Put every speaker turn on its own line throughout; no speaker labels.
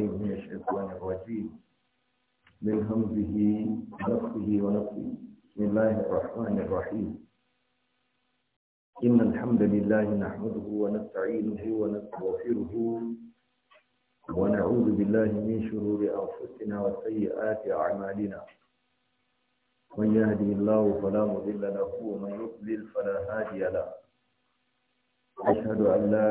عليه من الشيطان الرجيم من همزه ونفسه ونفسه بسم الله الرحمن الرحيم إن الحمد لله نحمده ونستعينه ونستغفره ونعوذ بالله من شرور أنفسنا وسيئات أعمالنا من يهدي الله فلا مضل له ومن يضلل فلا هادي له أشهد أن لا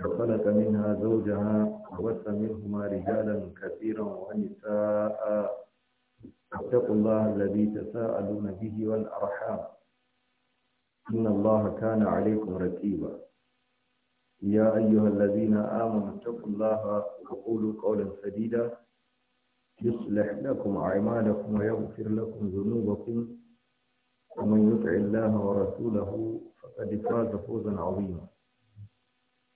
وخلق منها زوجها وبث منهما رجالا كثيرا ونساء اتقوا الله الذي تساءلون به والأرحام إن الله كان عليكم رتيبا يا أيها الذين آمنوا اتقوا الله وقولوا قولا سديدا يصلح لكم أعمالكم ويغفر لكم ذنوبكم ومن يطع الله ورسوله فقد فاز فوزا عظيما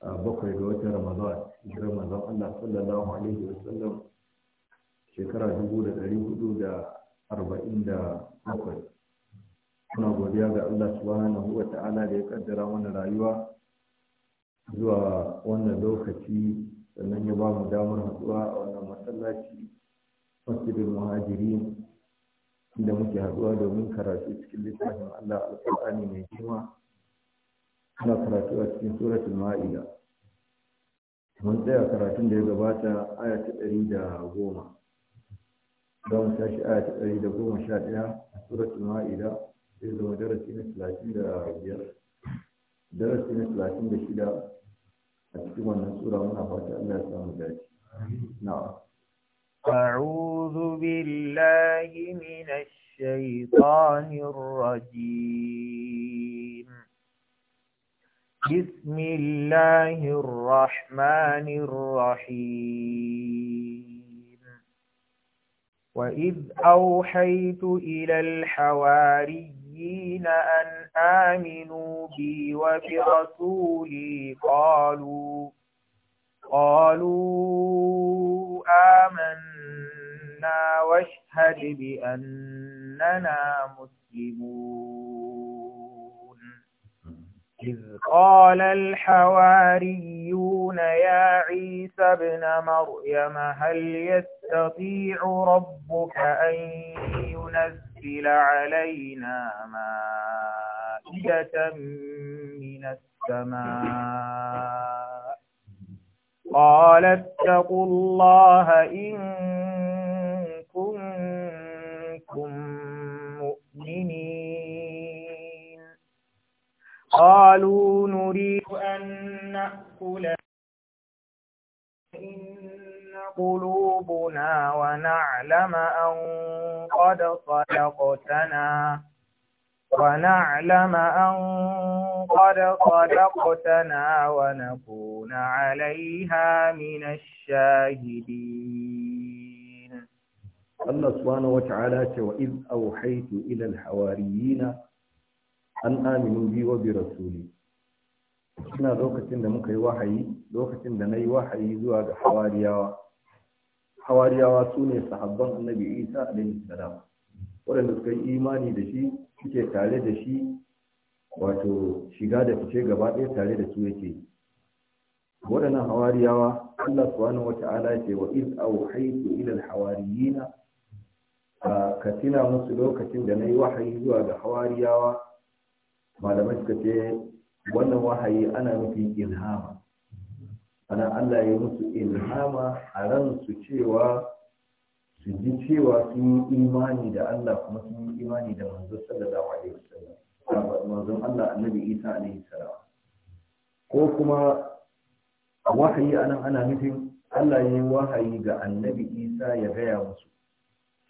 bakwai ga watan ramadan shekarar manzon Allah sallallahu alaihi wa sallam shekara dubu da ɗari hudu da arba'in da bakwai muna godiya ga Allah subhanahu wa ta'ala da ya kaddara mana rayuwa zuwa wannan lokaci sannan ya ba mu damar haɗuwa a wannan masallaci masjidin muhajiri, da muke haɗuwa domin karatu cikin littafin Allah alƙur'ani mai girma ana karatu a cikin suratul ma'ida mun tsaya karatun da ya gabata aya ta ɗari da goma za mu tashi aya ta ɗari da goma sha ɗaya a suratul ma'ida zai zama darasi na talatin da biyar darasi na talatin da shida a cikin wannan sura muna fata Allah ya samu dace
أعوذ بالله من الشيطان الرجيم بسم الله الرحمن الرحيم وإذ أوحيت إلى الحواريين أن آمنوا بي وبرسولي قالوا قالوا آمنا واشهد بأننا مسلمون إذ قال الحواريون يا عيسى ابن مريم هل يستطيع ربك أن ينزل علينا مائدة من السماء قال اتقوا الله إن قالوا نريد أن نأكل إن قلوبنا ونعلم أن قد صدقتنا ونعلم أن قد صدقتنا ونكون عليها من الشاهدين
الله سبحانه وتعالى وإذ أوحيت إلى الحواريين an aminu bi wa bi rasuli ina lokacin da muka yi wahayi lokacin da na yi wahayi zuwa ga hawariyawa hawariyawa su ne sahabban annabi isa alaihi salam waɗanda suka yi imani da shi suke tare da shi wato shiga da fice gaba ɗaya tare da su yake waɗannan hawariyawa Allah subhanahu wata'ala ce wa iz auhaytu ila al-hawariyina ka tina musu lokacin da nayi wahayi zuwa ga hawariyawa malamai suka ce wannan wahayi ana nufin ilhama ana Allah ya musu ilhama a ransu cewa su ji cewa sun yi imani da Allah kuma sun yi imani da manzon sallallahu alaihi wasallam manzon Allah annabi Isa alaihi salam ko kuma wahayi anan ana nufin Allah ya yi wahayi ga annabi Isa ya gaya musu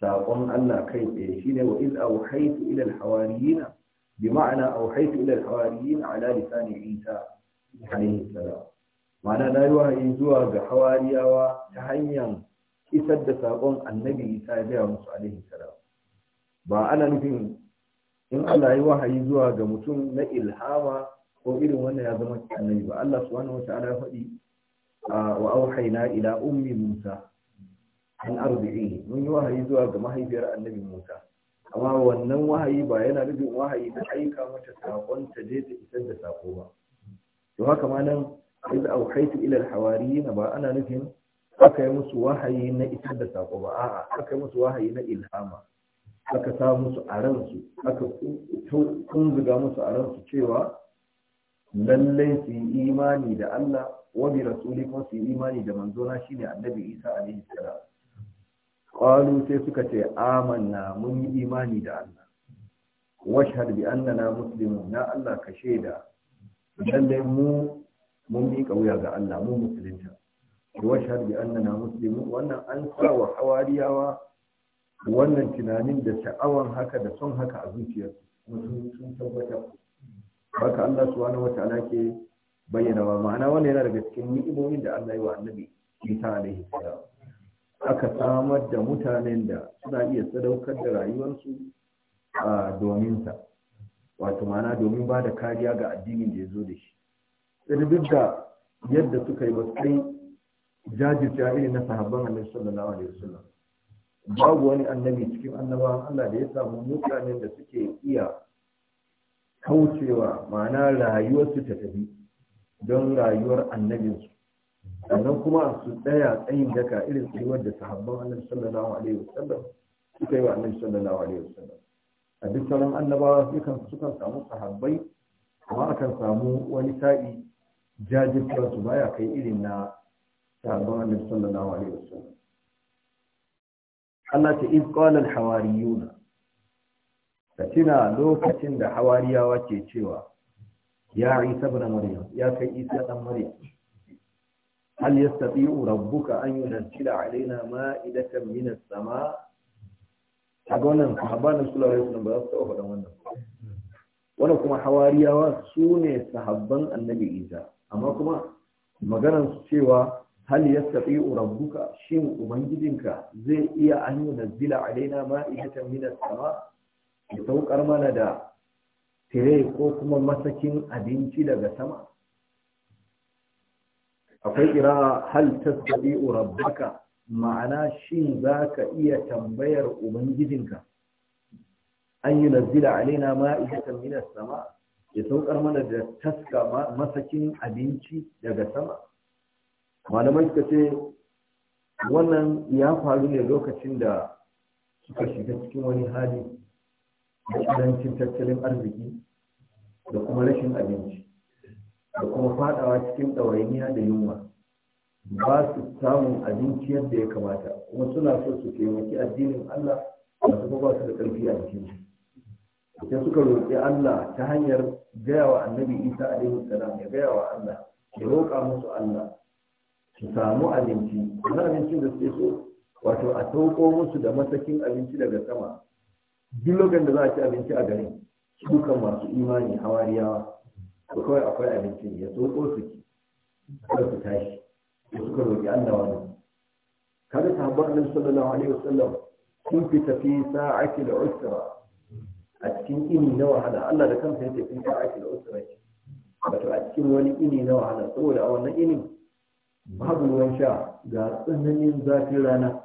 saƙon Allah kai tsaye shine wa iz awhaytu ila al بمعنى أوحيت إلى الحواريين على لسان عيسى عليه السلام معنى لا يوحي زوا بحواريا وتهيّن isar da saƙon annabi isa ya gaya musu alaihi salam ba ana nufin in Allah ya wahayi zuwa ga mutum na ilhama ko irin wannan ya zama annabi ba Allah subhanahu wataala ya faɗi wa auhayna ila ummi musa an arbi'i mun yi wahayi zuwa ga mahaifiyar annabi musa amma wannan wahayi ba yana nufin wahayi na aika mata sakon ta je ta isar da sako ba to haka ma nan a auhaitu ila alhawariyin ba ana nufin aka yi musu wahayi na isar da sako ba a'a aka yi musu wahayi na ilhama aka sa musu a ransu aka kunzuga musu a ransu cewa lallai su yi imani da Allah wa bi rasuli kuma su yi imani da manzona shine annabi Isa alaihi salam qalu sai suka ce amanna mun yi imani da Allah washhad bi annana muslimun na Allah ka shaida lalle mu mun miƙa wuya ga Allah mu musulunta washhad bi annana muslimun wannan an sa wa hawariyawa wannan tunanin da sha'awan haka da son haka a zuciyarsu sun tabbatar haka Allah subhanahu wataala ke bayyana wa ma'ana wannan yana daga cikin ni'imomin da Allah ya wa annabi Isa alaihi salam aka samar da mutanen da suna iya sadaukar da rayuwarsu a dominsa wato mana domin ba da kariya ga addinin da ya zo da shi sai duk da yadda suka yi ba kai jajirta irin na sahabban annabi sallallahu alaihi wasallam babu wani annabi cikin annabawan Allah da ya samu mutanen da suke iya kaucewa ma'ana rayuwarsu ta tafi don rayuwar annabinsu sannan kuma su tsaya tsayin daka irin tsayuwar da sahabban annabi sallallahu alaihi wasallam suka yi wa annabi sallallahu alaihi wasallam a duk sauran annabawa sukan kan samu sahabbai amma akan samu wani sa'i jajircewa su baya kai irin na sahabban annabi sallallahu alaihi wasallam Allah ta iz qala al hawariyun katina lokacin da hawariyawa ke cewa ya isa ibn maryam ya kai isa dan maryam hal yastati'u rabbuka an yunzila alaina ma'idatan min as-sama a ga wannan sahabban sallallahu alaihi wasallam ba za su taɓa faɗan wannan wannan kuma hawariyawa su ne sahabban annabi Isa amma kuma maganar su cewa hal ya yastati'u urabbuka shin ubangijinka zai iya an yunzila alaina ma'idatan min as-sama ya saukar mana da tire ko kuma masakin abinci daga sama akwai kira hal tasbi'u rabbaka ma'ana shin zaka iya tambayar ubangijinka an yi nazila alaina min as sama ya saukar mana da taska masakin abinci daga sama malamai suka ce wannan ya faru ne lokacin da suka shiga cikin wani hali da ƙarancin tattalin arziki da kuma rashin abinci da kuma fadawa cikin ɗawainiya da yunwa ba su samun abinci yadda ya kamata kuma suna so su taimaki addinin Allah masu kuma ba su da ƙarfi a jikin sai suka roƙi Allah ta hanyar gaya wa annabi Isa alaihi salam ya gaya wa Allah ya roƙa musu Allah su samu abinci wani abincin da suke so wato a tauko musu da masakin abinci daga sama duk lokacin da za a ci abinci a garin su masu imani hawariyawa ko kawai akwai abincin ya tsoko su ki kada su tashi ko suka roƙi Allah wani kada sahabban annabi sallallahu alaihi wasallam sun fita fi sa'ati da usra a cikin ini na wahala Allah da kansa yake fi sa'ati al-usra wato a cikin wani ini na wahala saboda a wannan inin babu ruwan sha ga tsananin zafin rana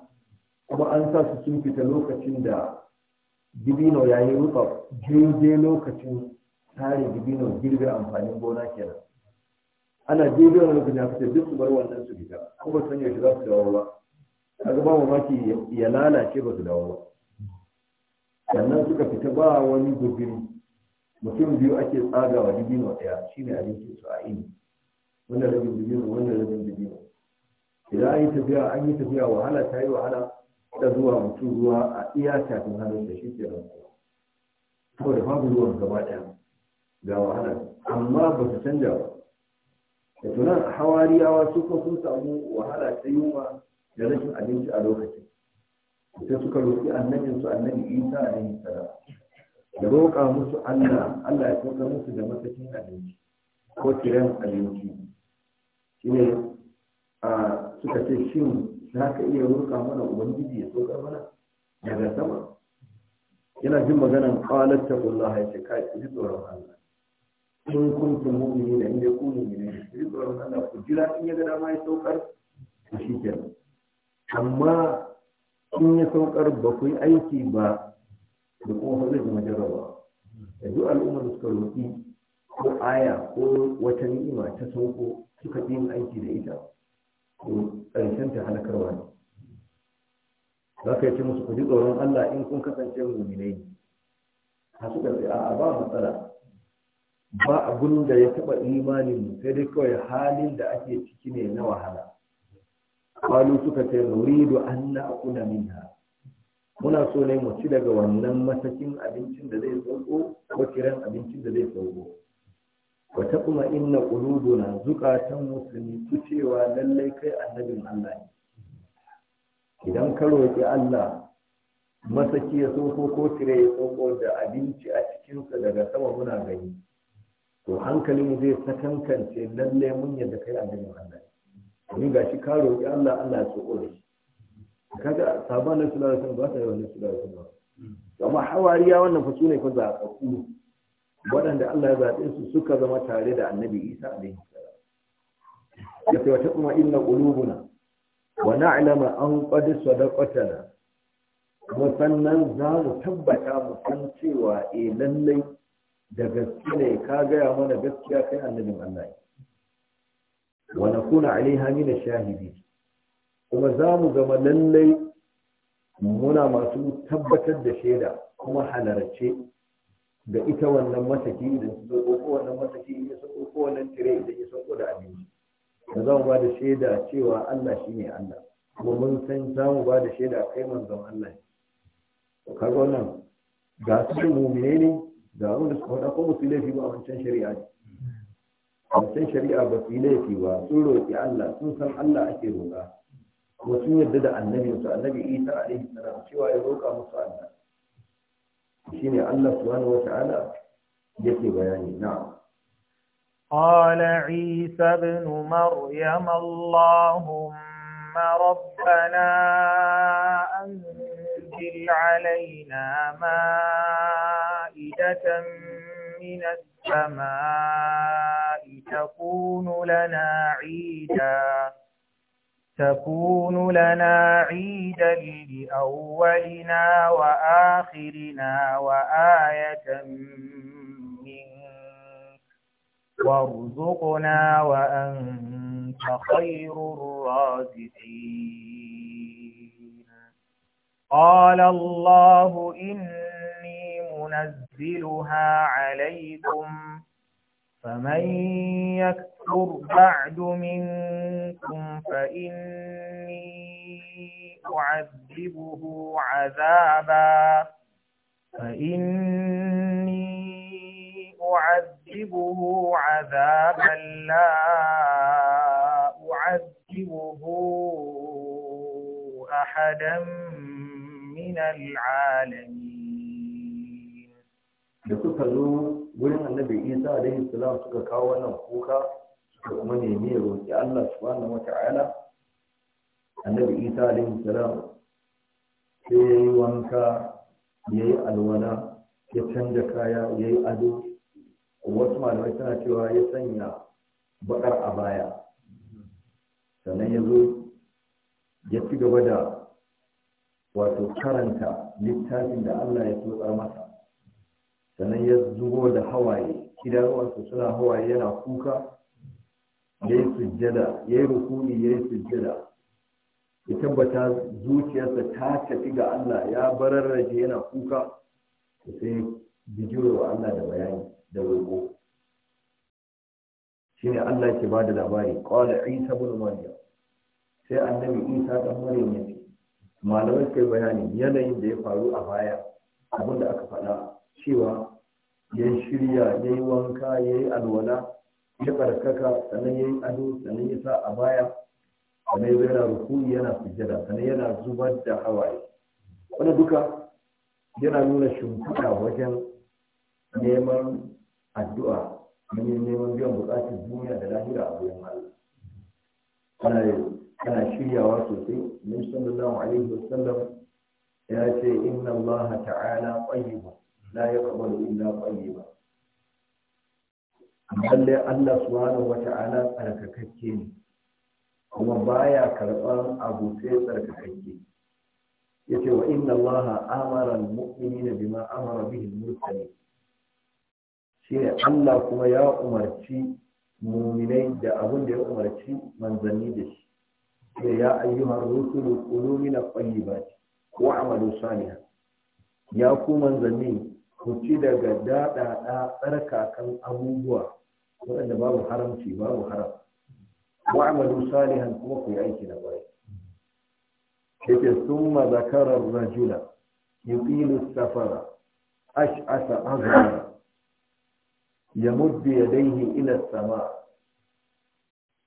kuma an sa su sun fita lokacin da dibino ya yi rufa daidai lokacin tare dibino girbe amfanin gona kenan ana girbe wani lokacin ya duk su bar wannan su fita kuma san yaushe za su dawo ba kaga ba mamaki ya lalace ba su dawo ba sannan suka fita ba wani gobiri mutum biyu ake tsagawa dibino ɗaya shine abincin su a ini wanda rabin dibino wanda rabin dibino idan an yi tafiya an yi tafiya wahala ta yi wahala da zuwa mutum ruwa a iya tafin hannun da shi ke nan saboda babu ruwan gaba ɗaya ga wahala amma ba su canja ba da tunan hawariyawa su ko sun samu wahala ta yunwa da rashin abinci a lokacin sai suka roƙi annabin su annabi isa yin tsada? da roƙa musu allah allah ya kuka musu da masakin abinci ko tiran abinci shine a suka ce shin za ka iya roƙa mana ubangiji ya saukar mana daga sama yana jin maganan qalat taqullaha ya ce kai ji tsoron allah in kuntum mu'minina in dai ku ne, sai tsoron Allah ku jira in ya ga dama ya saukar ku shi kenan amma in ya saukar ba ku yi aiki ba da kuma zai kuma jarraba da duk al'ummar suka roƙi ko aya ko wata ni'ima ta sauko suka yin aiki da ita ko ƙarshen ta halakarwa ne za ka ce musu ku ji tsoron Allah in kun kasance muminai a suka ce a ba matsala ba abun da ya taɓa imanin sai dai kawai halin da ake ciki ne na wahala kwalu suka ce nuridu an na akuna minha muna so ne mu ci daga wannan matakin abincin da zai sauko ko kiran abincin da zai sauko wa kuma inna qulubuna zukatan muslimi ku cewa lallai kai annabin Allah ne idan ka roki Allah masaki ya sauko ko tire ya sauko da abinci a cikinsa daga sama muna gani to hankali mu zai sakankance lalle mun yadda kai annabin Allah ga gashi ka roƙi Allah Allah ya tsoro shi kaga sabon nan sallallahu alaihi ba ta yi wannan sallallahu sun ba amma hawariya wannan fa sune fa zaƙaƙu waɗanda Allah ya zaɓe su suka zama tare da annabi Isa alaihi salam ya ce wata kuma inna qulubuna wa na'lamu an qad sadaqatana kuma sannan za mu tabbata mu san cewa eh lallai da gaske ne ka gaya mana gaskiya kai annabin Allah ne wa nakuna alaiha min shahidi kuma za mu zama lalle muna masu tabbatar da shaida kuma halarce da ita wannan mataki da su ko wannan mataki idan su ko wannan tire idan ya ko da abinci da za mu ba da shaida cewa Allah shine ne Allah kuma mun san za mu ba da shaida kai manzon Allah ne kaga wannan ga su ne دارو نسخه دا قوم سيله في بعض من شريعه من شان شريعه في بعض سورة الله سورة الله أكيد هو النبي صلى الله عليه وسلم عليه السلام سوى يروك مصر الله شيني الله سبحانه وتعالى نعم
قال عيسى بن مريم اللهم ربنا أنزل علينا ما واحدة من السماء تكون لنا عيدا تكون لنا عيدا لأولنا وآخرنا وآية منك وارزقنا وأنت خير الرازقين قال الله إن ننزلها عليكم فمن يكفر بعد منكم فإني أعذبه عذابا فإني أعذبه عذابا لا أعذبه أحدا من العالمين
da suka zo wurin annabi isa da islam suka kawo wannan kuka suka kuma nemi ya roƙi allah subhanahu ala annabi isa da islam sai ya yi wanka ya yi alwala ya canja kaya ya yi ado wasu malamai suna cewa ya sanya bakar a baya sannan ya zo ya ci gaba da wato karanta littafin da allah ya tsotsa masa sannan ya zubo da hawaye idanuwarsa suna hawaye yana kuka ya yi sujjada ya yi rukuni ya yi sujjada ya tabbata zuciyarsa ta tafi ga Allah ya bararraje yana kuka sai bijiro wa Allah da bayani da roƙo shine Allah ke da labari qala Isa ibn Maryam sai annabi Isa dan Maryam malamai kai bayani yanayin da ya faru a baya abinda aka faɗa cewa ya shirya ya yi wanka ya yi alwala ya karkaka sannan ya yi ado sannan ya sa a baya sannan ya yana rukuni yana sujjada sannan yana zubar da hawaye wani duka yana nuna shimfiɗa wajen neman addu'a domin neman biyan buƙatar duniya da lahira a wurin Allah ana shiryawa sosai nabi sallallahu alaihi wasallam ya ce inna allaha ta'ala tayyibun la yaqbalu illa tayyiba lalle Allah Wata wata'ala tsarkakakke ne kuma baya karɓar abu sai tsarkakakke yace wa inna Allah amara al na bima amara bihi al ne." shi Allah kuma ya umarci muminai da abin da ya umarci manzanni da shi sai ya ayyuhar rusulu qulu min ba tayyibati ko amalu Saniya. ya ku manzanni ku ci daga daɗaɗa tsarkakan abubuwa waɗanda babu haramci babu haram amalu salihan kuma ku yi aiki na bai yake ma zakarar rajula yuqilu safara ash'asa azhara yamuddu yadayhi ila as-sama'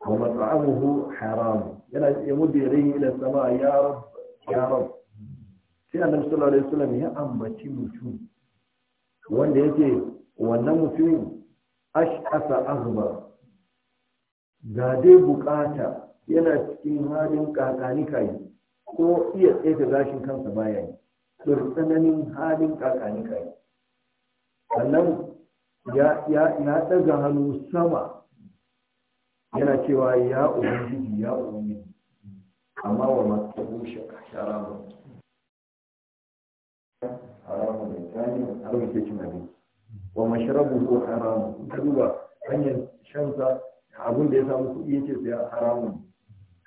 wa mat'amuhu haram yana yamuddu yadayhi ila as-sama' ya rab ya rab sai annabi sallallahu alaihi wasallam ya ambaci mutum wanda yake wannan mutumin ash'asa azbar ga dai bukata yana cikin halin kakanika yi ko iya tsaye gashin kansa baya yi tsananin halin kakanika yi sannan ya ɗaga hannu sama yana cewa ya ubangiji ya ubangiji amma wa masu shaka haramun har yake cin abinci wa mashrabu ko haramun ka duba hanyar sa abin da ya samu kuɗi yake sai haramun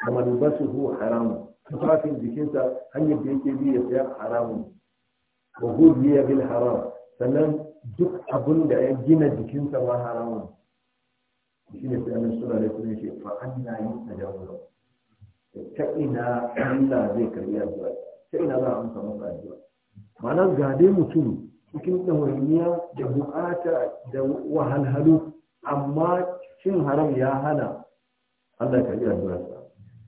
kuma libasu ko haramun tufafin jikinsa hanyar da yake bi ya saya haramun wa hudiya bil haram sannan duk abin da ya gina sa ma haramun shi ne sai annabi sallallahu alaihi wasallam ce fa anna yustajabu ta ina Allah zai karya zuwa? ta ina za a amsa masa addu'a Mana gade dai mutum cikin ɗawainiya da buƙata da wahalhalu amma cin haram ya hana Allah ka ji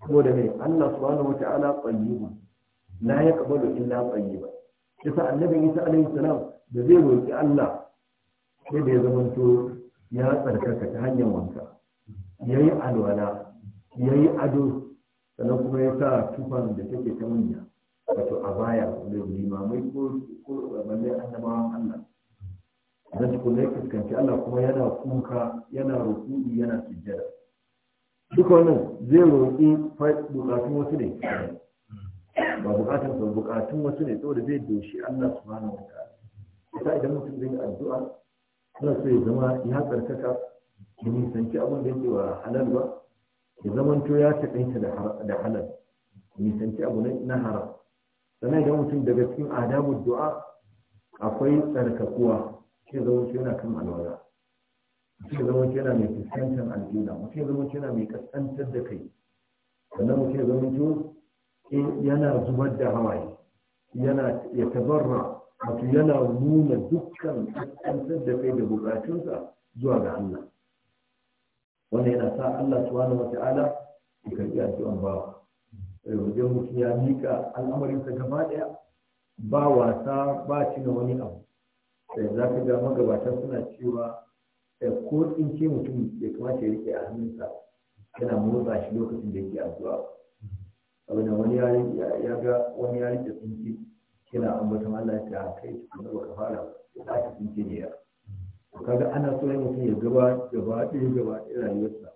ko da mai Allah subhanahu wata'ala tsayyibun la yaqbalu illa tayyiban kisa annabi Isa alaihi salam da zai roki Allah sai da ya zamanto ya tsarkaka ta hanyar wanka yayi alwala yayi ado sannan kuma ya sa tufan da take ta manya wato a baya da limamai ko balle annabawan Allah dan ku ya fuskanci Allah kuma yana kuka yana rukuni yana sujjada duka wannan zai roƙi bukatun wasu ne ba bukatun ba bukatun wasu ne saboda zai doshi Allah subhanahu wa ta'ala sai idan mutum zai yi addu'a yana so ya zama ya karkata Ki nisanci abin da yake wa halal ba ya zamanto ya taƙaita da halal nisanci abu na haram sannan idan mutum daga cikin adabu du'a akwai tsarkakuwa shi zama yana kan alwala mutum zama yana mai fuskantar alƙila mutum zama yana mai kaskantar da kai sannan mutum zama yana zubar da hawaye yana ya tabarra wato yana nuna dukkan kaskantar da kai da bukatunsa zuwa ga Allah wannan yana sa Allah subhanahu wata'ala ya karbi addu'an bawa wajen mutum ya miƙa al'amarinsa gaba ɗaya ba wasa ba cina wani abu sai za ka ga magabata suna cewa eh, ko in tsinke mutum ya kamata ya riƙe a hannunsa yana motsa shi lokacin da yake addu'a abin wani ya ga wani ya rike tsinke yana ambaton Allah ta ah, kai tukuna kuma ka fara ba ka tsinke ne ya kaga ana so ne mutum ya gaba gaba ɗaya gaba ɗaya rayuwarsa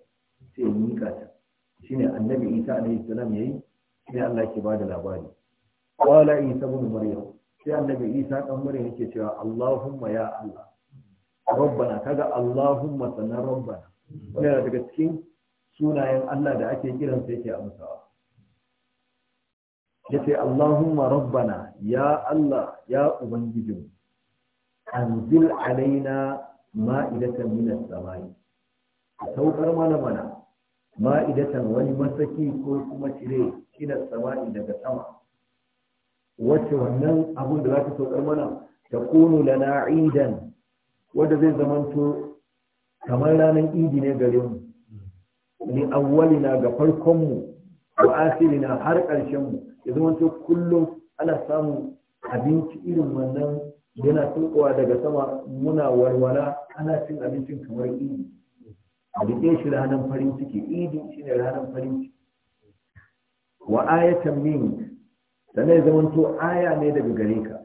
sai ya miƙa ta shine annabi Isa alaihi salam yayi sai Allah ke bada labari qala isa ibn maryam sai annabi isa dan maryam yake cewa allahumma ya allah rabbana kaga allahumma sanan rabbana yana daga cikin sunayen Allah da ake kiran sai yake amsawa yace allahumma rabbana ya allah ya ubangijinmu anzil alaina ma'idatan minas samai saukar mana mana ma'idatan wani masaki ko kuma cire kina sama'i daga sama wacce wannan abun da za ta saukar mana ta kunu lana idan wanda zai zamanto kamar ranar idi ne gare mu ni awwalina ga farkon mu wa asirina har ƙarshen mu ya zamanto kullum ana samun abinci irin wannan yana tukowa daga sama muna walwala ana cin abincin kamar idi a riƙe shi ranar farin ciki idi shi ne ranar farin ciki wa ayatan min sannan ya zamanto aya ne daga gare ka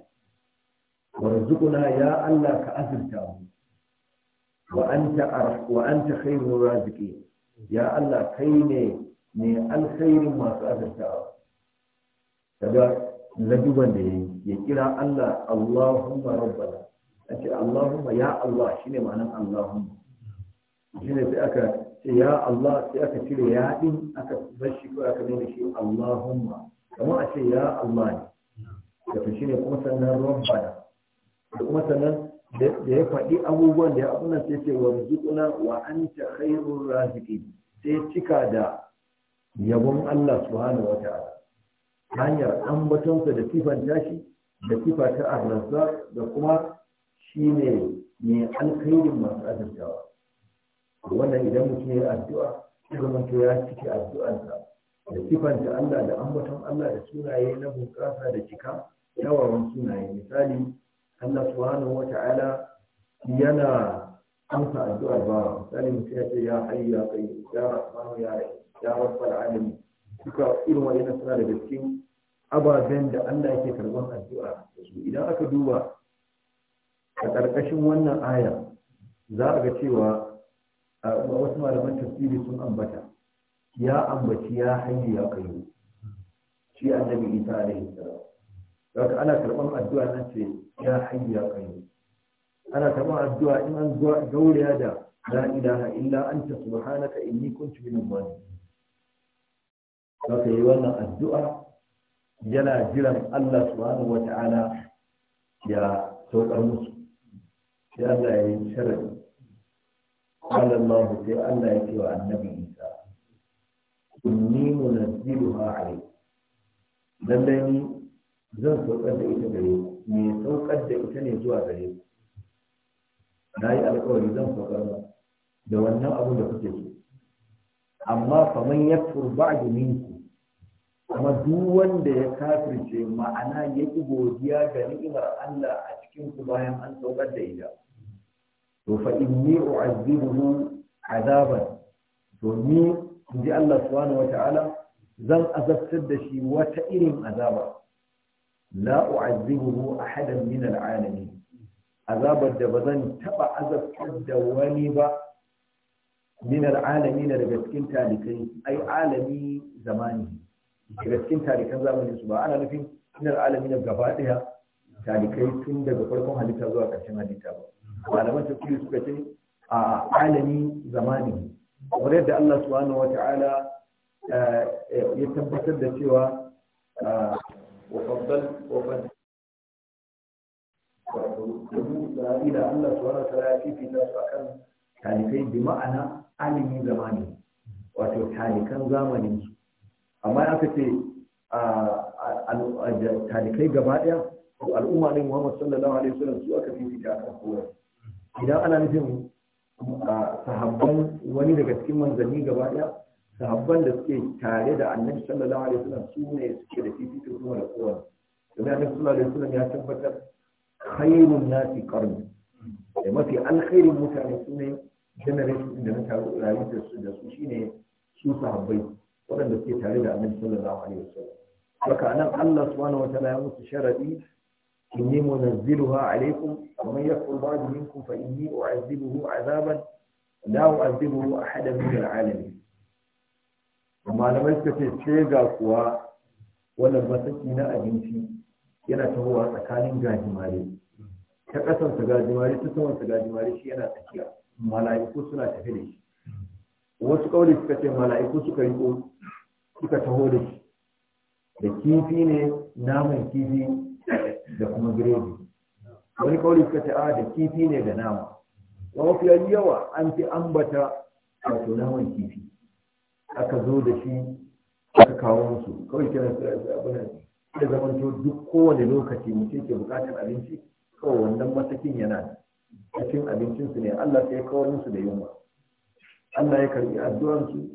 warzuquna
ya Allah ka azurta mu wa anta wa anta khairur ya Allah kai ne ne alkhairin masu azurtawa kaga laduban da yayi ya kira Allah Allahumma rabbana ace Allahumma ya Allah shine ma'anar Allahumma sai aka ce ya Allah sai aka cire ya din aka bar shi ko aka nuna shi Allahumma kamar a ce ya Allah ne da to shine kuma sannan rabbana da kuma sannan da ya faɗi abubuwan da ya abunan sai ce wa rizquna wa anta khairur raziqin sai cika da yabon Allah subhanahu wata'ala hanyar ambatonsa da sifan tashi da sifa ta arrazza da kuma shine ne alkhairin masu azurtawa
wannan idan mutum ya addu'a zama to ya cike addu'arsa da sifanta Allah da ambaton Allah da sunaye
na bunƙasa da cika yawawan sunaye misali Allah subhanahu wa ta'ala yana amsa addu'a ba misali mutum ya ce ya hayyu ya qayyum ya rahmanu ya rahim ya rabbul alamin duka irin wannan suna daga cikin ababen da Allah yake karban addu'a idan aka duba a ƙarƙashin wannan aya za a ga cewa wasu malaman tafsiri sun ambata ya ambaci ya hayyu ya kayu shi annabi isa alaihi salam haka ana karban addu'a nan ce ya hayyu ya kayu ana karban addu'a in an gauraya da la ilaha illa anta subhanaka inni kuntu minal zalimin haka yi wannan addu'a yana jiran Allah subhanahu wata'ala ya saukar musu sai Allah ya yi sharadi قال الله تعالى يتوى النبي إيسى إني منزلها عليك لذلك zan saukar da ita gare ku me saukar da ita ne zuwa gare ku na yi alkawari zan saukar da da wannan abun da kuke so amma faman ya turba da minku kuma duk wanda ya kafirce ma'ana ya ki godiya ga ni'imar Allah a cikin ku bayan an saukar da ita to fa inni u'azzibuhu azaban to ni inji Allah subhanahu wata'ala zan azabtar da shi wata irin azaba la u'azzibuhu ahadan min al'alamin azabar da ba zan taba azabtar da wani ba min al'alamin daga cikin talikai ai alami zamani daga cikin talikan zamanin su ba ana nufin min al'alamin gaba daya talikai tun daga farkon halitta zuwa ƙarshen halitta ba malaman tafsiri suka ce a alami zamani kamar yadda Allah subhanahu wata'ala eh, ya tabbatar da cewa wa faddal wa faddal Isra'ila Allah subhanahu wata'ala ya fifita su akan talikai bi ma'ana alimi zamani wato talikan zamanin su amma aka ce talikai gaba ɗaya al'umma ne Muhammad sallallahu alaihi wasallam su aka fifita akan kowa idan ana nufin sahabban wani daga cikin manzanni gaba ɗaya, sahabban da suke tare da annabi sallallahu alaihi wasallam su ne suke da fifiko kuma da kowa domin annabi sallallahu alaihi wasallam ya tabbatar khairun nasi qarni da mafi alkhairin mutane su ne generation da na taru rayu da su da su shine su sahabbai waɗanda suke tare da annabi sallallahu alaihi wasallam haka nan Allah subhanahu wataala ya musu sharadi إني منزلها عليكم ومن يكفر بعد منكم فإني أعذبه عذابا لا أعذبه أحدا من العالمين amma na mai suka ce ga kuwa wannan mataki na abinci yana tahowa tsakanin gajimare ta ƙasarsa gajimare ta samansa gajimare shi yana tsakiya mala'iku suna tafi da shi wasu ƙauri suka ce mala'iku suka riko suka taho da shi da kifi ne naman kifi da kuma biredi wani kawai suka ce da kifi ne da nama wa mafi yawa an fi ambata wato naman kifi aka zo da shi aka kawo musu kawai kira su abu nan da zamanto to duk kowane lokaci mutum ke bukatar abinci kawai wannan matakin yana cikin abincinsu ne Allah sai ya kawo musu da yunwa Allah ya karbi addu'arsu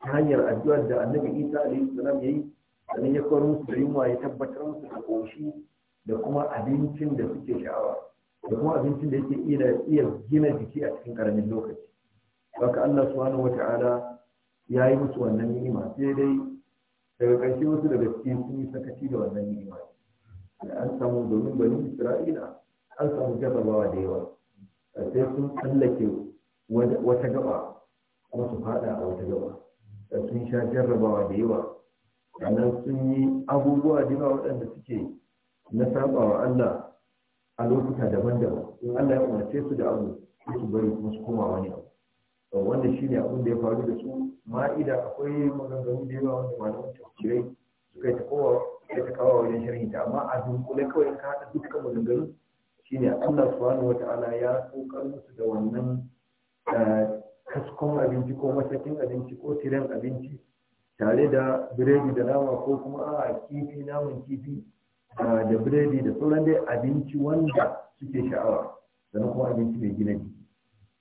ta hanyar addu'ar da annabi Isa alaihi salam yayi sannan ya kawo musu da yunwa ya tabbatar musu da ƙoshi da kuma abincin da suke sha'awa da kuma abincin da yake iya gina jiki a cikin karamin lokaci baka Allah subhanahu wata'ala ya yi musu wannan ni'ima sai dai daga ƙarshe wasu daga cikin sun yi sakaci da wannan ni'ima da an samu domin bani Isra'ila an samu jarrabawa da yawa sai sun tsallake wata gaba kuma su fada a wata gaba sun sha jarrabawa da yawa sannan sun yi abubuwa da yawa waɗanda suke na saba wa Allah a lokuta daban-daban in Allah ya umarce su da abu su bari kuma su koma wani abu wanda shi ne abin da ya faru da su ma'ida akwai maganganu da yawa wanda malamin tafsirai suka yi ta kowa ta kawo wajen sharhi ta amma a dunkule kawai in ka haɗa dukkan maganganu shine Allah subhanahu ala ya tsokar musu da wannan eh, kaskon abinci ko masakin abinci ko tiren abinci tare da biredi da nama ko kuma a kifi naman kifi da biredi da sauran dai abinci wanda suke sha'awa sannan kuma abinci mai gina jiki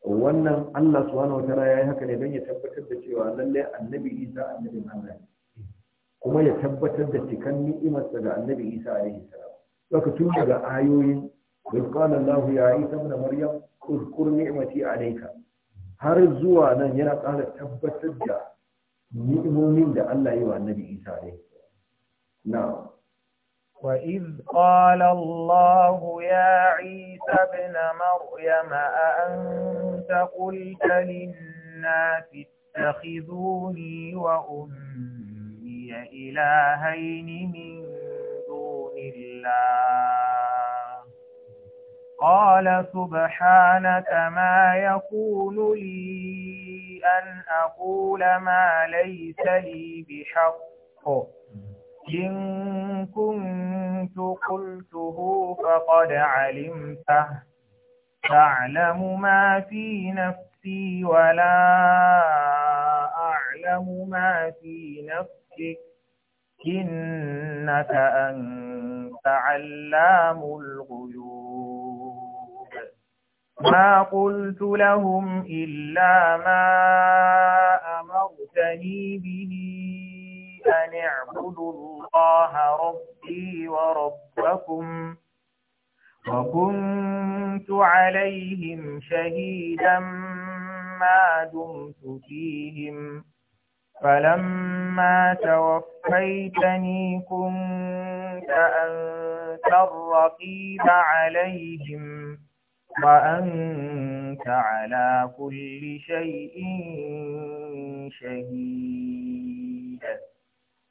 wannan Allah subhanahu wa ta'ala yayi haka ne don ya tabbatar da cewa lalle annabi Isa annabi Allah ne kuma ya tabbatar da cikan sa ga annabi Isa alaihi salam saka tun daga ayoyin qul qala Allah ya Isa ibn Maryam uzkur ni'mati alayka har zuwa nan yana ƙara tabbatar da ni'imomin da Allah ya yi wa annabi Isa alaihi salam
na'am وإذ قال الله يا عيسى ابن مريم أأنت قلت للناس اتخذوني وأمي إلهين من دون الله قال سبحانك ما يقول لي أن أقول ما ليس لي بحق إن كنت كنت قلته فقد علمته تعلم ما في نفسي ولا أعلم ما في نفسك إنك أنت علام الغيوب ما قلت لهم إلا ما أمرتني به أن اعبدوا الله ربي ربي وربكم وكنت عليهم شهيدا ما دمت فيهم فلما توفيتني كنت أنت الرقيب عليهم وأنت على كل شيء شهيد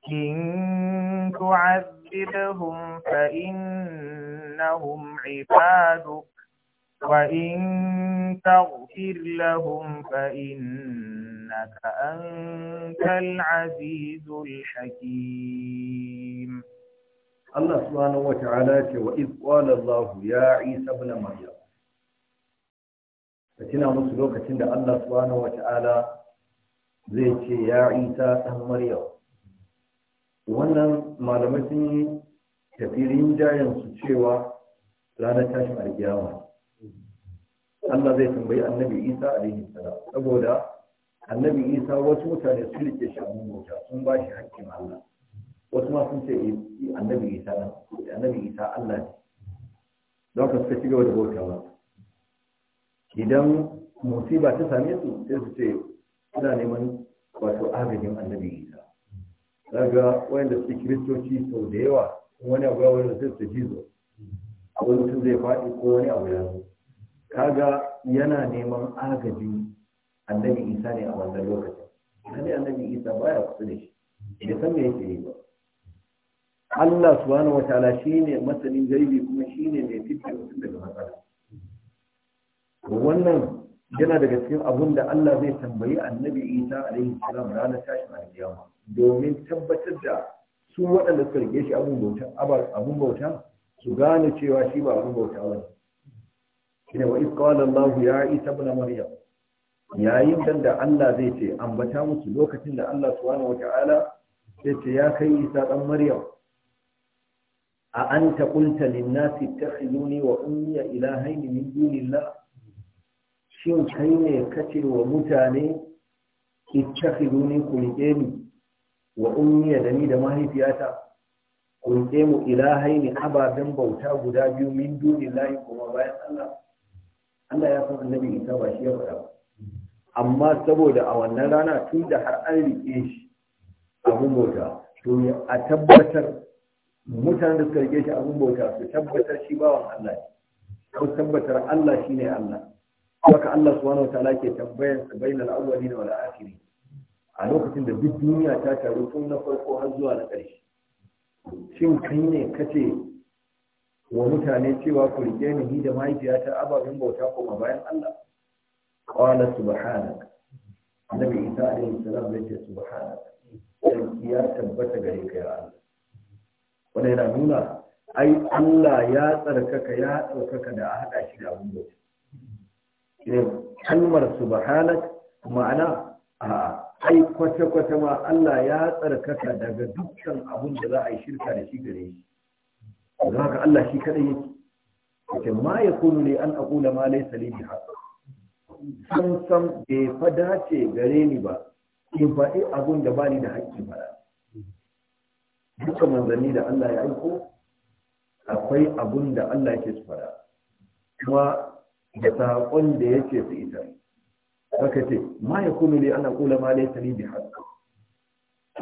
إن تعذبهم فإنهم عبادك وإن تغفر لهم فإنك أنت العزيز الحكيم
الله سبحانه وتعالى وإذ قال الله يا عيسى ابن مريم فتنا مسلوكة عند الله سبحانه وتعالى زي يا عيسى ابن مريم wannan malamai sun yi
tafirin jayansu cewa
ranar tashin alkiyama Allah zai tambayi annabi isa daidai salam saboda annabi isa wasu mutane su rike shi abin bauta sun ba shi hakkin Allah wasu ma sun ce eh, annabi isa annabi isa Allah ne don ka suka cigaba da bauta ba idan musiba ta same su sai su ce suna neman wato agajin annabi isa daga wanda su kiristoci sau da yawa wani abu yawon da sai su jizo abu mutum zai faɗi ko wani abu ya zo kaga yana neman agajin annabi isa ne a wannan lokacin kaga annabi isa baya kusa da shi bai san me yake yi ba Allah subhanahu wa ta'ala shine masanin gaibi kuma shine mai fitar mutum daga matsala wannan yana daga cikin abun da Allah zai tambayi annabi Isa alaihi salam ranar tashin alkiyama domin tabbatar da su waɗanda suka rike shi abun bauta su gane cewa shi ba abun bauta ba ne wa isqala Allah ya Isa ibn Maryam
yayin
da Allah zai ce ambata musu lokacin da Allah subhanahu wataala zai ce ya kai Isa dan Maryam a anta qulta lin-nasi ittakhizuni wa ummi ilahaini min dunillah shin kai ne kace wa mutane ittakhiduni ku rike ni wa ummiya da ni da mahaifiyata ku mu mu ne ababen bauta guda biyu min dunillahi kuma bayan Allah Allah ya san annabi Isa ba shi ya faɗa ba amma saboda a wannan rana tun da har an rike shi abun bauta to a tabbatar mutanen da suka rike shi abun bauta su tabbatar shi bawan Allah ne ko tabbatar Allah shine Allah haka Allah subhanahu wataala ke tambayan sa bainal awwalina wal akhirin a lokacin da duk duniya ta taru tun na farko har zuwa na ƙarshe shin kai ne kace wa mutane cewa ku rike ni ni da mahaifiyata ababen bauta ma bayan Allah qala subhanaka annabi isa alaihi salam ya ce subhanaka sarki ya tabbata gare ka ya Allah wannan yana nuna ai Allah ya tsarkaka ya tsarkaka da a hada shi da abun bauta kalmar subhanak ma'ana a ai kwata-kwata ma Allah ya tsarkaka daga dukkan abun da za a yi shirka da shi gare shi don haka Allah shi kadai yake yake ma ya kunu ne an aqula ma laysa li bi haqq san san bai fa dace gare ni ba in faɗi abun da bani da haƙƙi ba dukkan manzanni da Allah ya aiko akwai abun da Allah yake su faɗa kuma da saƙon da ya ce su ita aka ce ma ya kunu li ana ƙula ma laysa li bihaq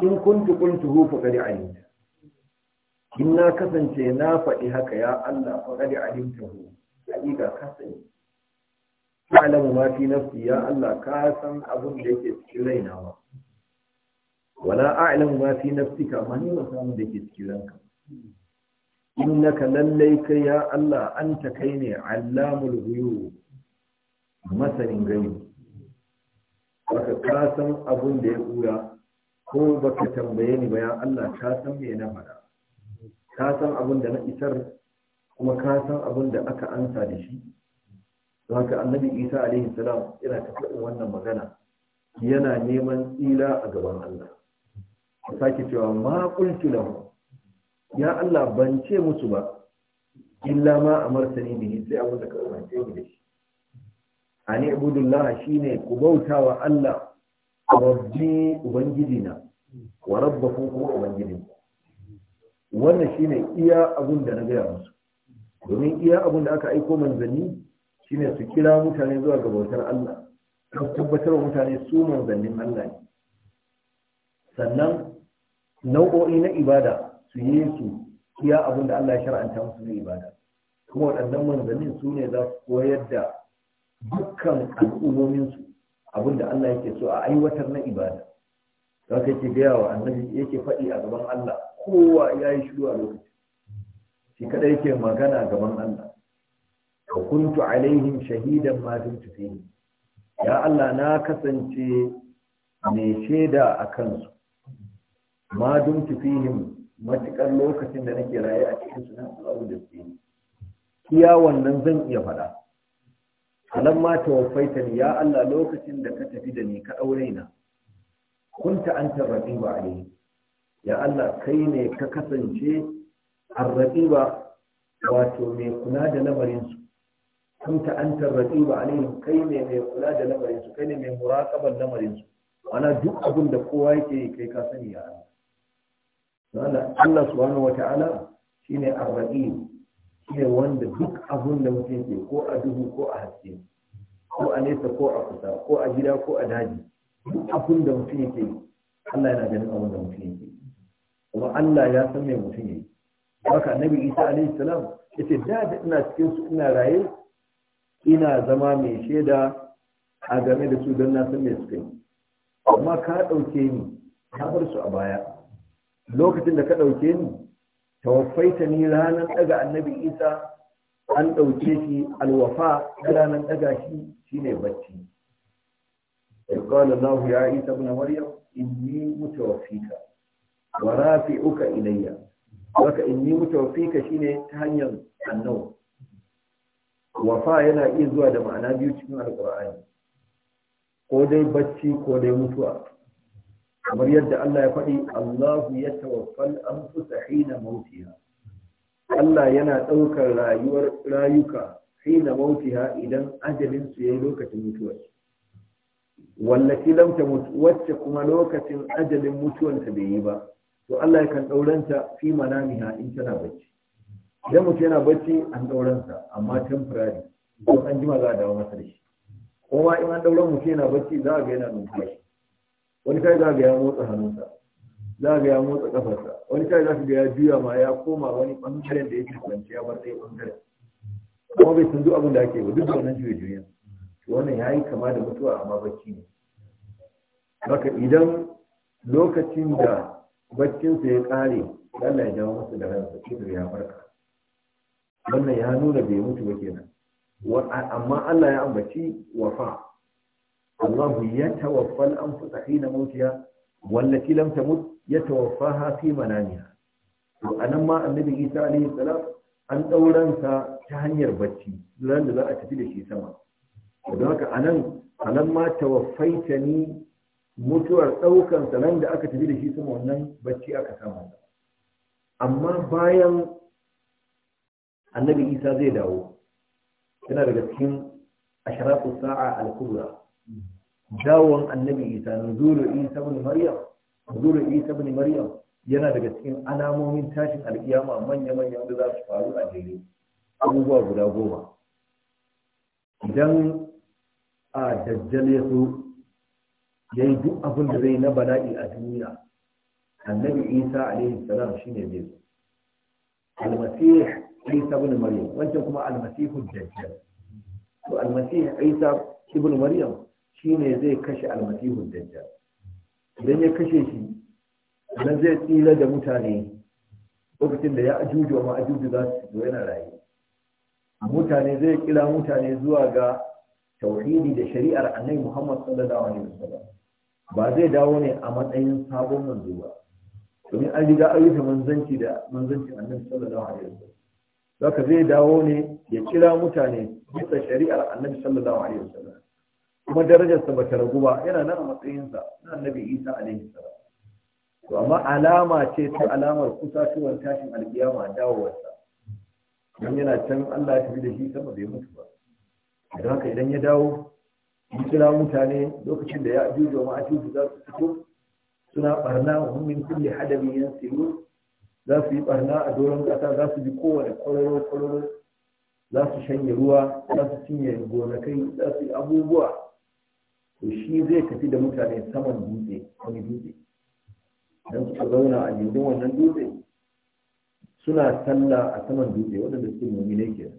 in kuntu qultuhu faqad alimta in na kasance na faɗi haka ya Allah faqad alimtahu hakika ka sani ta'lamu ma fi nafsi ya Allah ka san abin da yake cikin raina ba wala a'lamu ma fi nafsika ma ni ba san da yake cikin ranka innaka lallai kai ya Allah anta kai ne allamul huyu masanin gaibi baka ka san abun da ya kura ko baka tambaye ni ba ya Allah ka san me na faɗa ka san abun da na isar kuma ka san abun da aka ansa da shi haka annabi Isa alaihi salam yana ta wannan magana yana neman tsila a gaban Allah sake cewa ma qultu lahu ya Allah ban ce musu ba illa ma amartani bihi sai abin da ka umarce ni da shi ani shi shine ku bautawa Allah rabbi ubangijina wa rabbakum kuma ubangijin wannan shine iya abin da na gaya musu domin iya abin da aka aiko manzanni shine su kira mutane zuwa ga bautar Allah don tabbatar wa mutane su manzannin Allah ne sannan nau'o'i na ibada su yi su iya abin da Allah ya shar'anta musu na ibada kuma waɗannan manzannin su ne za su koyar da dukkan al'ummominsu abin da Allah yake so a aiwatar na ibada za ka yake gaya wa annabi yake faɗi a gaban Allah kowa ya yi shiru a lokaci shi kada yake magana a gaban Allah ka kuntu alaihim shahidan ma dumtu ya Allah na kasance mai shaida a kansu ma dun matuƙar lokacin da nake raye a cikin su nan abu da su Kiya wannan zan iya faɗa alam ma tawaffaita ni ya Allah lokacin da ka tafi da ni ka aure na kunta anta raqiba alayhi ya Allah kai ne ka kasance arraqiba wato mai kula da lamarin su kunta anta raqiba alayhi kai ne mai kula da lamarin su kai ne mai muraqaban lamarin su ana duk abin da kowa yake kai ka sani ya Allah Allah subhanahu wata'ala shine ar shine wanda duk abun da mutum ke ko a duhu ko a haske ko a nesa ko a kusa ko a gida ko a daji duk abun da mutum ke. Allah yana ganin abun da mutum ke. kuma Allah ya san me mutum yake haka annabi Isa alaihi salam yace da da ina cikin su ina raye ina zama mai shaida a game da su don na san me suke yi amma ka dauke ni ka bar su a baya lokacin da ka ɗauke ni tawaffaita ni ranar ɗaga annabi isa an ɗauke shi alwafa ranar ɗaga shi shine bacci قال الله يا عيسى ابن مريم إني متوفيك ورافعك إلي لك إني shine ta hanyar النوم Wafa yana iya zuwa da ma'ana biyu cikin Alƙur'ani. ko dai bacci ko dai mutuwa kamar yadda Allah ya faɗi Allahu ya tawaffal anfusa hina mautiha Allah yana ɗaukar rayuwar rayuka hina mautiha idan ajalin su yayi lokacin mutuwar wallati lam tamut wacce kuma lokacin ajalin mutuwan ta bai yi ba to Allah yakan ɗauranta fi manamiha in tana bacci idan mutum yana bacci an ɗauransa amma temporary don an jima za a dawo masa da shi kuma in an dauran mutum yana bacci za a ga yana numfashi wani kai za ga ya motsa hannunsa za ga ya motsa kafarsa wani kai za ga ya juya ma ya koma wani bangaren da yake kwanci ya bar sai bangaren kuma bai sun abin da ake ba duk wannan juya juya wannan ya kama da mutuwa amma bacci ne haka idan lokacin da baccinsa ya kare Allah ya jawo masa da ransa kidur ya farka wannan ya nuna bai mutu ba kenan amma Allah ya ambaci wafa الله يتوفى الأنفس حين موتها والتي لم تمت يتوفاها في منامها وأنا ما النبي عيسى عليه السلام an ɗauransa ta hanyar bacci ran da za a tafi da shi sama haka a nan anan ni mutuwar ɗaukan ran da aka tafi da shi sama wannan bacci aka samu amma bayan annabi isa zai dawo yana daga cikin asharatu sa'a al-kubra dawon annabi isa zuru isa bin maryam zuru isa bin maryam yana daga cikin alamomin tashin alkiyama manya manya da za su faru a jere abubuwa guda goma idan a dajjal ya so ya yi duk abin da zai na bala'i a duniya annabi isa alaihi salam shine zai zo almasih isa bin maryam wancan kuma almasihu dajjal to almasih isa ibn maryam shine zai kashe almasihun dajjal idan ya kashe shi nan zai tsira da mutane lokacin da ya ajuju ma ajuju za su zo yana raye mutane zai kira mutane zuwa ga tauhidi da shari'ar annabi Muhammad sallallahu alaihi wasallam ba zai dawo ne a matsayin sabon manzo ba domin an riga an rufe manzanci da manzancin annabi sallallahu alaihi wasallam zaka zai dawo ne ya kira mutane bisa shari'ar annabi sallallahu alaihi wasallam kuma darajarsa ba ta ragu ba yana nan a matsayinsa na annabi isa alaihi salam to amma alama ce ta alamar kusa shiwar tashin alkiyama dawowarsa don yana can Allah ya tafi da shi sama bai mutu ba don haka idan ya dawo ya kira mutane lokacin da ya juju ma ajuju za su fito suna barna wa min kulli hadabi yansiru za su yi barna a doron kasa za su bi kowane kwararo kwararo za su shanye ruwa za su cinye gonakai za su yi abubuwa to shi zai tafi da mutane saman dutse wani dutse don suka zauna a gindin wannan dutse suna sallah a saman dutse waɗanda suke ne ke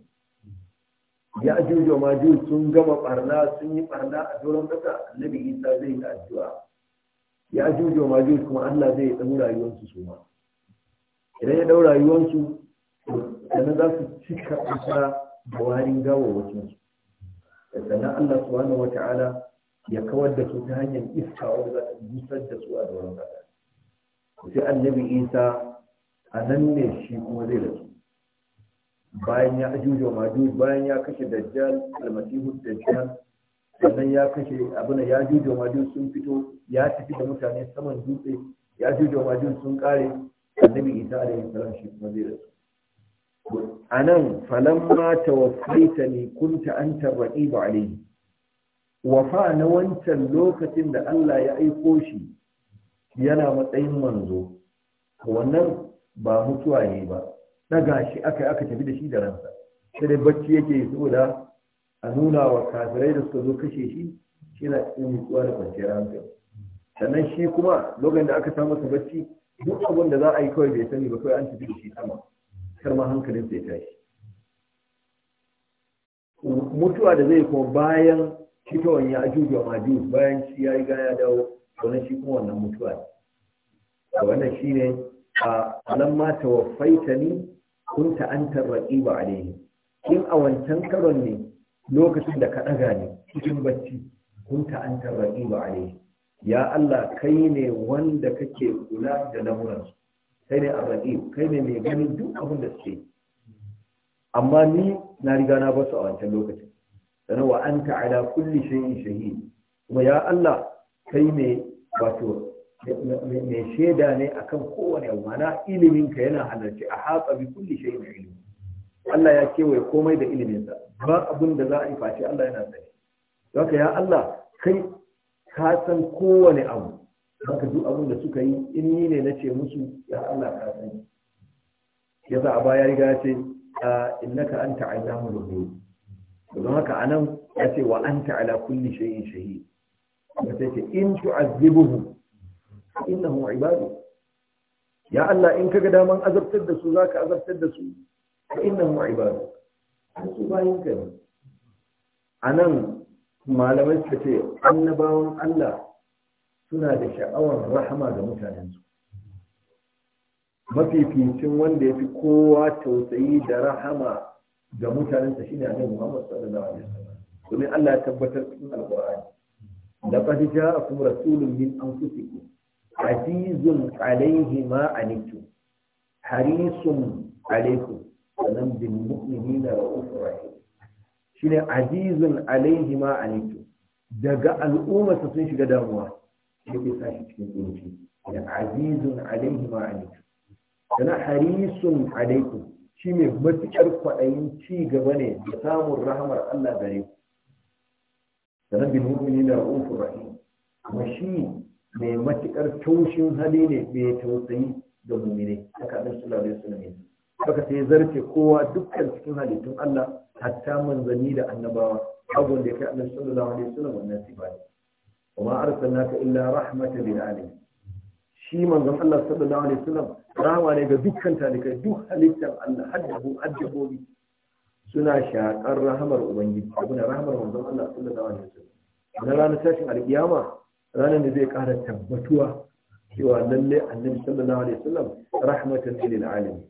ya ajujo ma sun gama barna sun yi barna a doron kasa annabi isa zai yi addu'a ya ajujo ma kuma allah zai ɗau rayuwarsu su ma idan ya ɗau rayuwarsu sannan za su cika ƙasa da warin gawa wasu sannan allah subhanahu wa ta'ala ya kawar da su ta hanyar iska wanda za ta busar da su a doron kasa sai annabi isa a nan ne shi kuma zai rasu bayan ya ajuja wa bayan ya kashe dajjal almasihu dajjal sannan ya kashe abin ya ajuja wa sun fito ya tafi da mutane saman dutse ya ajuja wa sun kare annabi isa alaihi salam shi kuma zai rasu a nan falamma tawaffaitani kunta anta raqiba alaihi wafa na wancan lokacin da Allah ya aiko shi yana matsayin manzo wannan ba mutuwa ne ba daga shi aka aka tafi da shi da ransa sai dai bacci yake saboda a nuna wa kafirai da suka zo kashe shi shi na cikin mutuwa da kwanciyar hankali sannan shi kuma lokacin da aka samu bacci duk abin da za a yi kawai bai sani ba kawai an tafi da shi sama kar ma hankalin sai tashi mutuwa da zai kuma bayan shi ya ajuju wa bayan shi ya yi gaya dawo wani shi kuma wannan mutuwa ne wani shi ne a alamma tawaffaita ni kunta ba a alaihi in a wancan karon ne lokacin da ka ɗaga ne cikin bacci kunta an tarraƙi ba ne. ya Allah kai ne wanda kake kula da su, kai ne a raƙi kai ne mai ganin duk abin da suke amma ni na riga na basu a wancan lokacin sannan wa anta ala kulli shay'in shahid kuma ya Allah kai ne wato shaida ne akan kowane abu mana ilimin ka yana halarci a hatsa bi kulli shay'in ilmi Allah ya kewaye komai da ilimin sa ba abin da za a yi face Allah yana sani haka ya Allah kai ka san kowane abu haka duk abin da suka yi in ni ne na ce musu ya Allah ka sani yasa a baya riga ya ce ah, innaka anta alimul ghuyub don haka anan ya ce wa anta ala kulli shay'in shahid ya sai ce in na innahum ibadu ya Allah in kaga daman azabtar da su zaka azabtar da su innahum ibadu su bayin ka ne anan malamai suka ce annabawan Allah suna da sha'awar rahama ga mutanensu mafificin wanda ya fi kowa tausayi da rahama ga mutanensa shine annabi Muhammad sallallahu alaihi wasallam domin Allah ya tabbatar cikin alqur'ani laqad ja'akum rasulun min anfusikum azizun alayhi ma anittum harisun alaykum sanan bil mu'minina ra'ufur rahim shine azizun alayhi ma anittum daga al'ummarsa sun shiga damuwa shi ke sa shi cikin kunci da azizun alayhi ma anittum kana harisun alaykum shi mai matuƙar kwaɗayin ci gaba ne da samun rahamar Allah gare ku sanan bin mu'mini na ra'ufur rahim kuma shi mai matuƙar taushin hali ne mai tausayi ga mu'mini haka annabi sallallahu alaihi wasallam ne haka sai zarce kowa dukkan cikin halittun Allah hatta manzanni da annabawa abun da ya kai annabi sallallahu alaihi wasallam wannan sifati Kuma ma arsalnaka illa rahmatan lil alamin shi manzon Allah sallallahu alaihi wasallam rahama ne ga dukkan talikai duk halittar Allah haddabu haddabobi suna shakar rahamar ubangiji abuna rahamar manzon Allah sallallahu alaihi wasallam na ranar tashin alkiyama ranar da zai kara tabbatuwa cewa lalle annabi sallallahu alaihi wasallam rahmatan lil alamin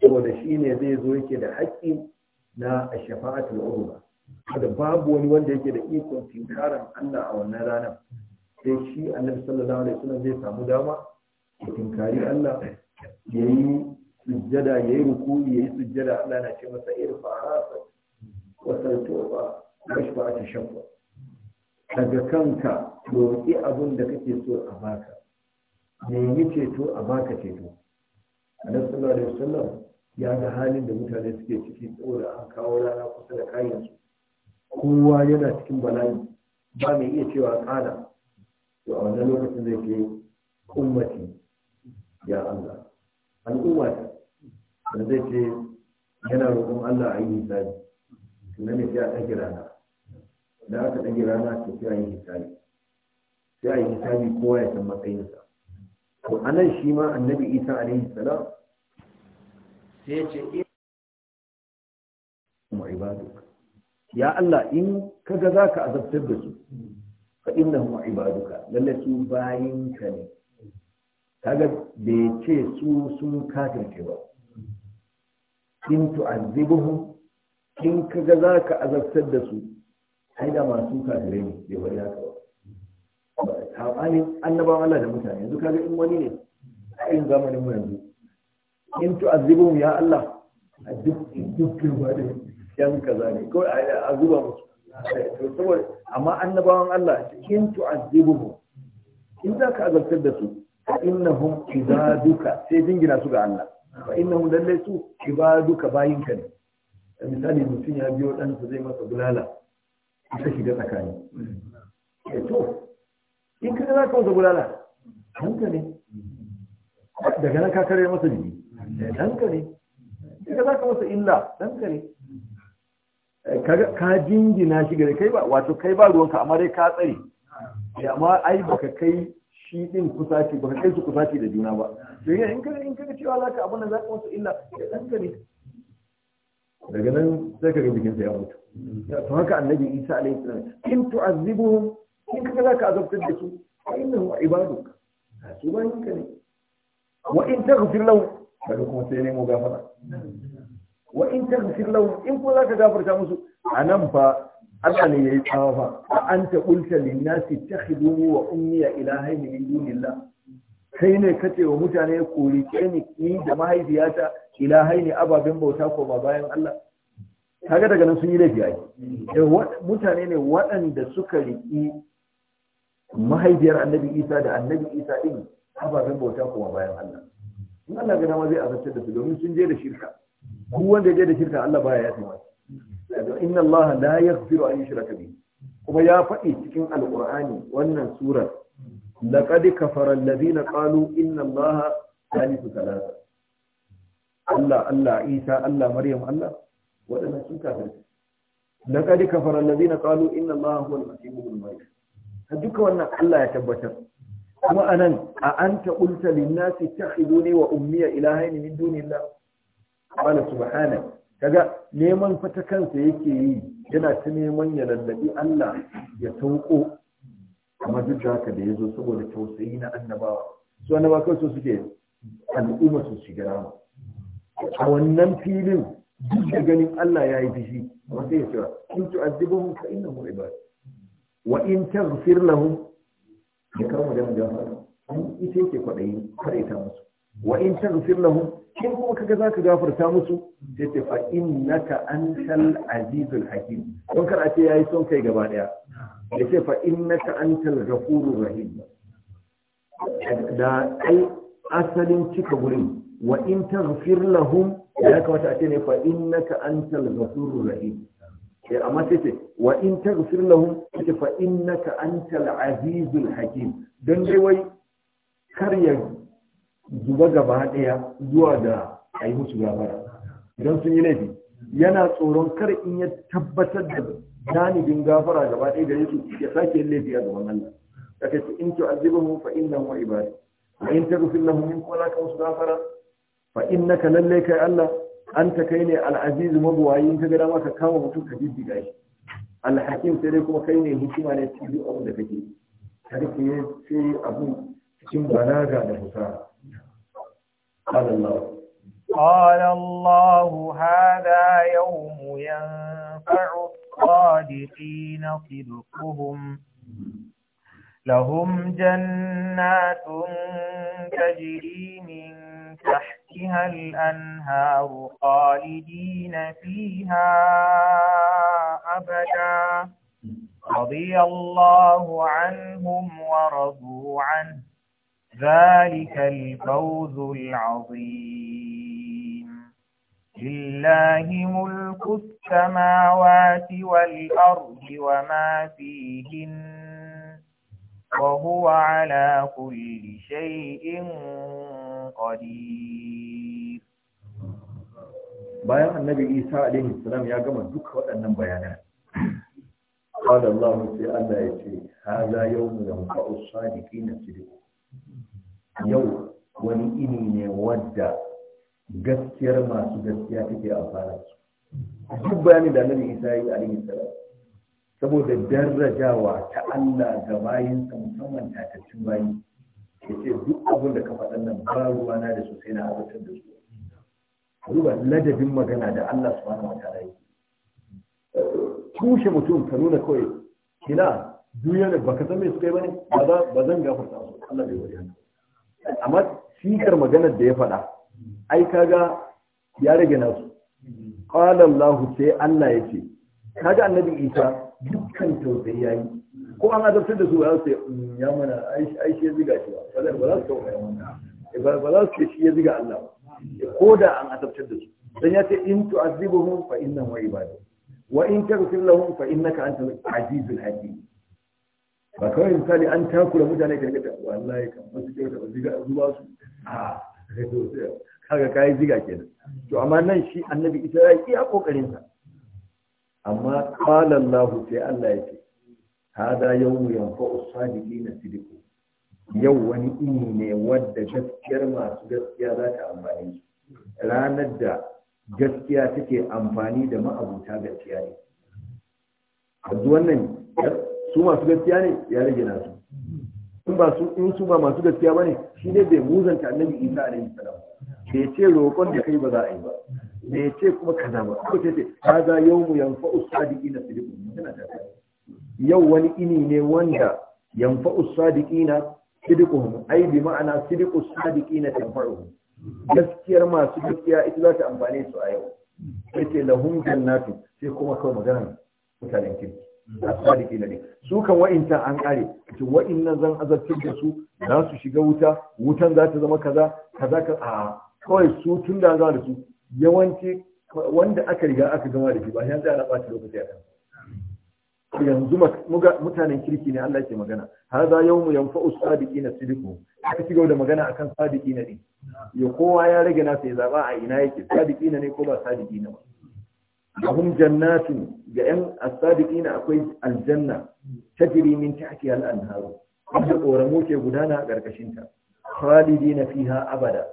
saboda shine zai zo yake da haƙƙi na shafa'atul urba da babu wani wanda yake da ikon tinkaran Allah a wannan ranar sai shi annabi sallallahu alaihi wasallam zai samu dama ya tinkari Allah ya yi sujjada ya yi ruku ya yi sujjada Allah na ce masa irfa rasa wasar toba ba a daga kanka roƙi abin da kake so a baka nemi ceto a baka ceto A sallallahu ya ga halin da mutane suke ciki saboda an kawo rana kusa da kayansu kowa yana cikin bala'i ba mai iya cewa ƙada to a wannan lokacin zai ke ummati ya Allah al'umma da zai ce yana roƙon Allah a yi hisabi tunan ne sai a ɗage rana idan aka ɗage rana to sai a yi hisabi sai a yi hisabi kowa ya san matsayinsa to anan shi ma annabi isa alaihi salam sai ya ce ibaduk ya Allah in ka ga za ka azabtar da su fa innahum ibaduka lalle su bayinka ne kaga ya ce su sun kafirce ba in tu'azzibuhum in kaga za ka azabtar da su ai da masu kafirai ne bai bari haka ba sabanin annabawan Allah da mutane yanzu kaga in wani ne a yin zamanin mu yanzu in tu'azzibuhum ya Allah a duk da yan kaza ne ko a zuba musu to saboda amma annabawan Allah in tu'azzibuhum in za ka azabtar da su fa innahum ibaduka sai jingina su ga Allah fa innahum lalle su ibaduka bayinka ne misali mutum ya biyo ɗansa zai masa bulala ka shiga tsakani eh, to in ka za ka masa bulala ɗanka ne daga nan ka kare masa jiki ɗanka ne ka za ka masa illa ɗanka ne eh, ka jingina shi gare kai ba wato kai ba ruwanka amma dai ka tsare eh, amma ai baka kai shi din kusaci ba kai su kusaci da juna ba to in ka in ka cewa ka abin da ka wasu illa ya dan gani daga nan sai ka ga bikin sa ya mutu to haka annabi Isa alaihi salam in tu'azzibuhum in ka azabtar da su fa innahum ibaduk su ba in ne wa in taghfir lahum kaga kuma sai ne mu gafara wa in taghfir lahum in ko ka gafarta musu anan fa Allah ne yayi tsawa fa a anta qulta lin nasi takhiduni wa ummi ilahaini min dunillah kai ne kace wa mutane kori ke ni ni da mahaifiyata ilahaini ababen bauta ko ba bayan Allah kaga daga nan sun yi laifi ai eh, mutane ne waɗanda suka riƙi mahaifiyar annabi isa da annabi isa ɗin ababen bauta kuma bayan allah in allah gana ma zai azabtar da su domin sun je da shirka duk wanda ya je da shirka allah baya ya taimaka inna Allah la yaghfiru an yushraka bihi kuma ya faɗi cikin alqur'ani wannan surar laqad kafara alladhina qalu inna Allah thalithu thalatha Allah Allah Isa Allah Maryam Allah waɗannan sun kafirci laqad kafara alladhina qalu inna Allah huwa al-masih ibn maryam duka wannan Allah ya tabbatar kuma anan a anta qulta lin-nasi takhiduni wa ummiya ilahaini min dunillah qala subhanaka kaga neman fata kansa yake yi yana ta neman ya lallabi Allah ya tauko amma duk da haka da ya zo saboda tausayi na annabawa su annabawa kawai su suke al'umma su shiga rama a wannan filin duk da ganin Allah ya yi fishi amma sai ya cewa in tu'azzibuhum fa innahum ibad wa in taghfir lahum ya karama da jama'a an ita yake kwadayi kare ta musu wa in taghfir lahum kin kuma kaga za ka gafarta musu sai ce fa innaka antal azizul hakim don kar a ce yayi son kai gaba daya ya ce fa innaka antal ghafurur rahim da ai asalin cika gurin wa in taghfir lahum ya kamata a ce ne fa innaka antal ghafurur rahim ya amma sai ce wa in taghfir lahum ce fa innaka antal azizul hakim dan dai wai kar ya zuba gaba daya zuwa da a yi musu labara idan sun yi laifi yana tsoron kar in ya tabbatar da janibin gafara gaba ɗaya gare su ya sake yin laifi a gaban Allah kaka ce in to mu fa innahu wa ibadi wa in ta taghfir lahum min kana ka musu gafara fa innaka lalle kai Allah anta kai ne al'azizu mabuwa? Yin in ka maka kama mutum ka jiddi shi alhakim sai dai kuma kai ne hikima ne cikin abin da kake ki ke sai abu cikin balaga da fusara
قال الله قال الله هذا يوم ينفع الصادقين صدقهم لهم جنات تجري من تحتها الأنهار خالدين فيها أبدا رضي الله عنهم ورضوا عنه ذلك الفوز العظيم لله ملك السماوات والأرض وما فيهن وهو على كل شيء قدير
bayan annabi isa alaihi salam ya gama duka waɗannan bayanan qala allah sai allah ya ce hadha yawmun yanfa'u sadiqina sidqu yau wani ini ne wadda gaskiyar masu gaskiya take amfana su duk bayanin da annabi isa yi alaihi salam saboda darajawa ta Allah ga bayinsa musamman tafi bayi ya ce duk abin da ka faɗa nan ba na da su sai na azabtar da su duba ladabin magana da Allah subhanahu wa ta'ala yi tushe mutum ka nuna kawai kina duniya da baka san me suka yi bane ba zan gafarta su Allah bai wani amma sikar maganar da ya faɗa ai kaga ya rage nasu qala Allah sai Allah yake kaga annabi Isa dukkan tausayi yayi ko an azabtar da su ya sai mm, ya mana ai shi ya ziga shi ba ba za su eh, ba ba za su shi ya ziga Allah eh, ko da an azabtar da su dan ya ce in tu'azibuhum fa innahum ibadu wa in taghfir lahum fa innaka antal azizul hakim ba kawai misali an takura mutane ka ga wallahi kan wasu kyauta ba ziga zuwa su a kaga kai ziga kenan to amma nan shi annabi isa ya a kokarin sa amma qala Allah sai Allah yake hada yawmu yanfa'u sadiqina sidqu yau wani ini ne wadda gaskiyar masu gaskiya za ta amfani ranar da gaskiya take amfani da ma'abuta gaskiya ne yanzu wannan su masu gaskiya ne ya rage nasu in ba su in su ba masu gaskiya bane shi ne bai muzanta annabi isa alaihi salam bai ce roƙon da kai ba za a yi ba bai ce kuma kaza ba ko ce ce kaza yawmu yanfa'u sadiqina sidqun tana da yau wani ini ne wanda yanfa'u sadiqina sidquhum ai bi ma'ana sidqu sadiqina tanfa'uhum gaskiyar masu gaskiya ita za ta amfane su a yau sai ce lahum jannatu sai kuma kawai magana mutanen kirki sukan ne su kan an kare to wa'innan zan azabtar da su za su shiga wuta wutan za ta zama kaza kaza ka a kawai su tun da za da su yawanci wanda aka riga aka gama da shi ba yanzu ana ɓata lokaci a kan yanzu mutanen kirki ne Allah ke magana Har za yau haza yanfa yanfa'u na sidiqu aka ci da magana akan na ne? ya kowa ya rage nasa ya zaba a ina yake na ne ko ba sadiki na ba lahum jannatin, ga yan asadiqina akwai aljanna tajri min tahtiha al-anharu da koramu ke gudana a karkashin ta khalidina fiha abada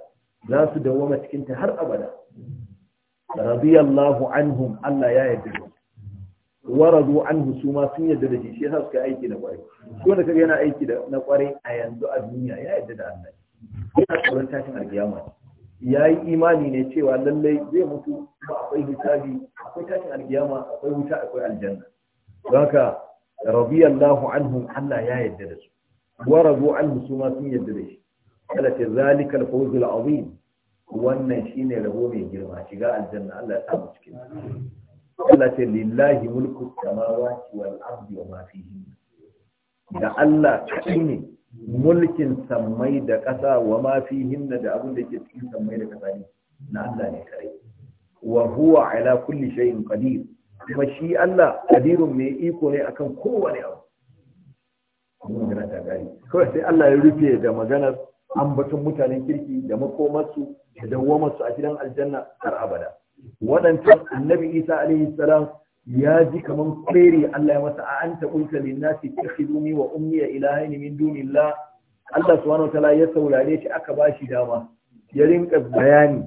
za su dawoma cikin ta har abada radiyallahu anhum Allah ya yarda da wa radu anhu su ma sun yarda da shi shi yasa suka aiki da kwarai ko da kaga yana aiki da na kwarai a yanzu a duniya ya yarda da Allah yana tsoron tashin alkiyama yayi imani ne cewa lallai zai mutu akwai hisabi akwai tashin alkiyama akwai wuta akwai aljanna don haka radiyallahu anhum Allah ya yadda da su wa radu anhu su ma sun yarda da shi kala ta zalika al-fawz al-azim wannan shine rabo mai girma shiga aljanna Allah ya samu cikin Allah ce lillahi mulku samawati wal ardi wa ma fihi da Allah kadai ne mulkin sammai da ƙasa wa ma fihinna da abin da ke cikin sammai da ƙasa ne na Allah ne kadai wa huwa ala kulli shay'in qadir kuma shi Allah qadirun mai iko ne akan kowane abu mun jira ta gari kawai sai Allah ya rufe da maganar ambaton mutanen kirki da makomarsu da dawwamarsu a gidan aljanna har abada waɗancan annabi Isa alaihi salam ya ji kaman kwere Allah ya masa a anta qulta lin nasi wa ummi ilahaini min dunillah Allah subhanahu wa ta'ala ya saurare shi aka bashi dama ya rinka bayani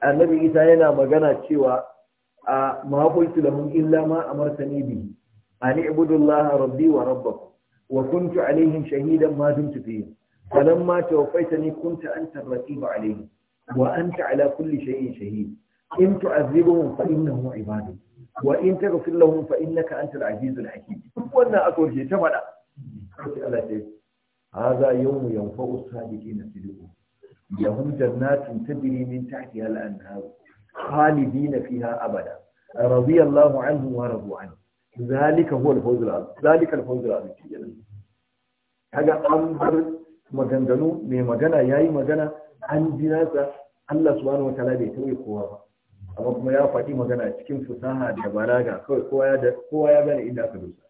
annabi isa yana magana cewa a mahaifinsu da illa ma a martani bi a ni ibudullah rabbi wa rabbakum wa kuntu alaihim shahidan ma dumtu fihim falamma tawaffaytani kunta anta raqiba alaihim wa anta ala kulli shay'in shahid in tu'azzibuhum fa innahum ibaduk wa in taghfir lahum fa innaka antal azizul hakim duk wannan aka wuce ta fada sai Allah ya ce hadha yawmu yanfa'u sadiqina sidqu lahum jannatun tajri min tahtiha al-anhar khalidina fiha abada radiyallahu anhu wa radu anhu zalika huwa al-fawz al-azim zalika al-fawz al-azim kaga an bar maganganu mai magana yayi magana an jira Allah subhanahu wa ta'ala bai tauye kowa ba amma kuma ya faɗi magana cikin fusaha da baraga kawai kowa ya kowa ya gane inda aka dosa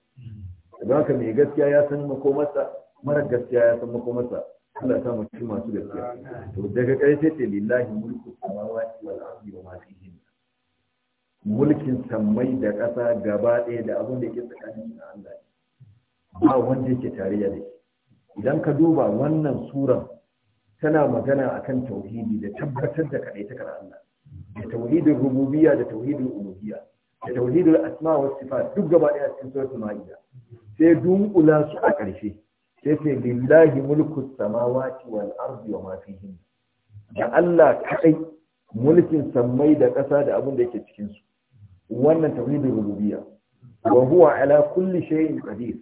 don haka mai gaskiya ya san makomarsa mara gaskiya ya san makomarsa Allah ya sa cikin masu gaskiya to daga ƙarshe ce lillahi mulku samawati wal ardi wa ma fihin mulkin sammai da ƙasa gaba ɗaya da abin da yake tsakanin da Allah ba wanda yake tarayya da shi idan ka duba wannan suran tana magana akan tauhidi da tabbatar da kaɗai ta Allah da tauhidin rububiyya da tauhidin uluhiyya da tauhidin asma wa sifat duk gaba ɗaya cikin suratul ma'ida sai dunkula su a ƙarshe sai sai lillahi mulku samawati wal ardi wa ma da Allah kadai mulkin sammai da ƙasa da abin da yake cikin su wannan tauhidin rububiyya wa huwa ala kulli shay'in qadir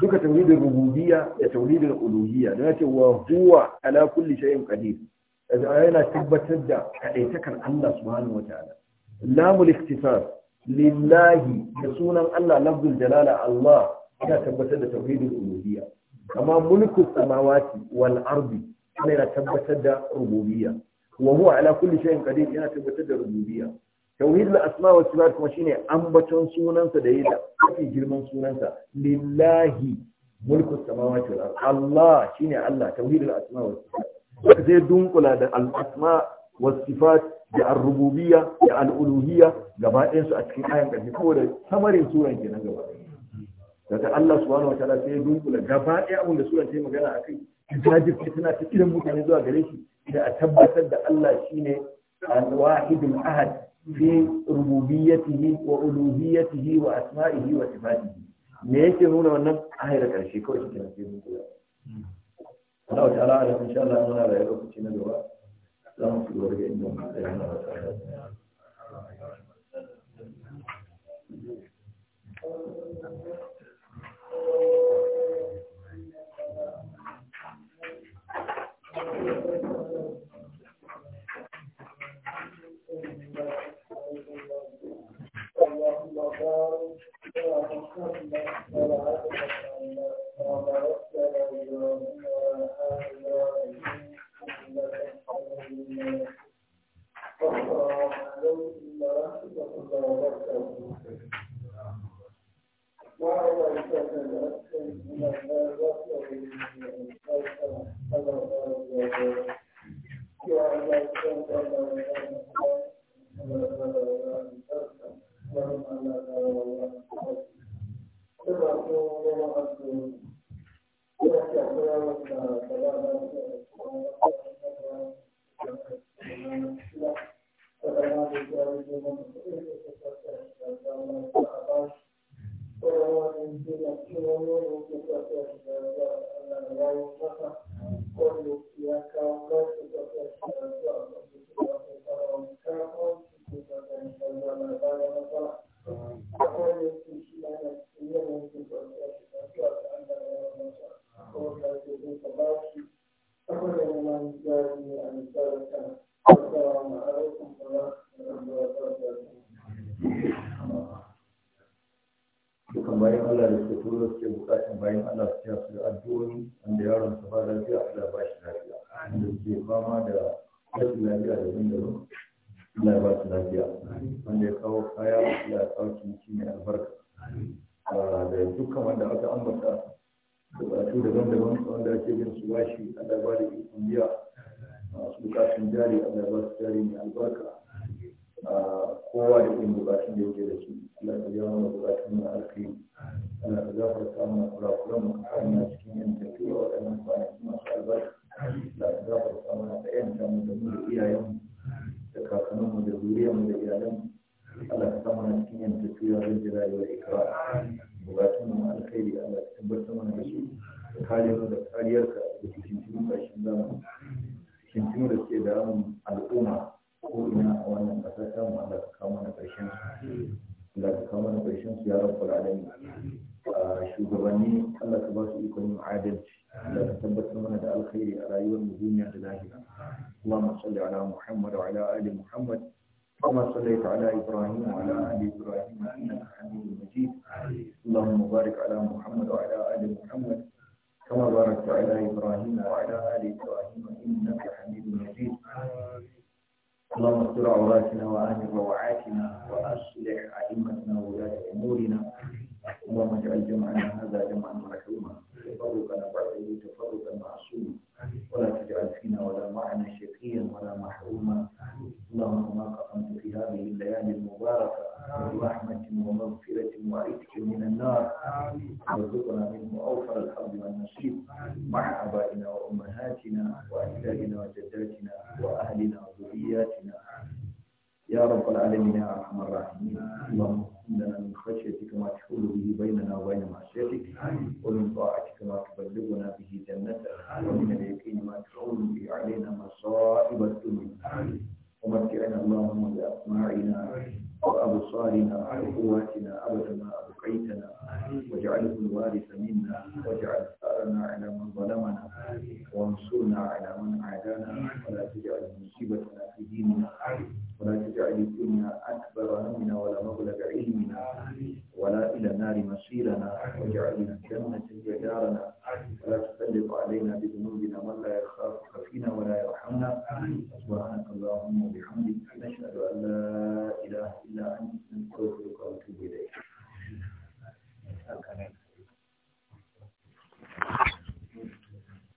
duka tauhidin rububiyya da tauhidin uluhiyya da yace wa huwa ala kulli shay'in qadir yana tabbatar da kadaitakar Allah subhanahu wataala lamul lillahi da sunan Allah lafzul jalala Allah yana tabbatar da tauhidin uluhiyya amma mulku samawati wal ardi Allah yana tabbatar da rububiyya wa huwa ala kulli shay'in qadir yana tabbatar da rububiyya tauhid al asma wa sifat kuma shine ambaton sunansa da yadda kafi girman sunansa lillahi mulku samawati wal ardi Allah shine Allah tauhid al asma wa sifat zai dunkula da al asma wa sifat da ar-rububiyya da al-uluhiyya gaba ɗayan su a cikin ayan ƙarshe saboda samarin suran kenan gaba ɗaya daga Allah subhanahu wataala sai ya dunkula gaba ɗaya abin da sura ta yi magana a kai jajir ce tana ta kiran mutane zuwa gare shi Sai a tabbatar da Allah shine al-wahidul ahad fi rububiyyatihi wa uluhiyyatihi wa asma'ihi wa sifatihi me yake nuna wannan ahira karshe kawai shi kenan sai dunkula Allah ta'ala ala insha Allah muna da lokaci na gaba za mu ci gaba da inda mu tsaya na wata
وبارك على محمد وعلى آله
Ah, shugabanni Allah ka ba su ikon yin adalci Allah ka tabbatar mana da alkhairi a rayuwar mu duniya da lahira Allahumma salli ala wa ala ali Muhammad kama sallaita ala Ibrahim wa ala ali Ibrahim innaka Hamidu Majid Allahumma barik ala Muhammad wa ala ali Muhammad kama barakta ala Ibrahim wa ala ali Ibrahim innaka Hamidu Majid اللهم استر عوراتنا وآمن روعاتنا وأصلح أئمتنا وولاة أمورنا اللهم اجعل جمعنا هذا جمعا